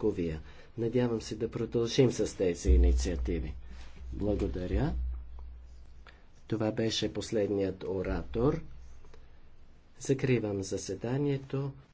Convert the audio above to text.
Ковия. Надявам се да продължим с тези инициативи. Благодаря. Това беше последният оратор. Закривам заседанието.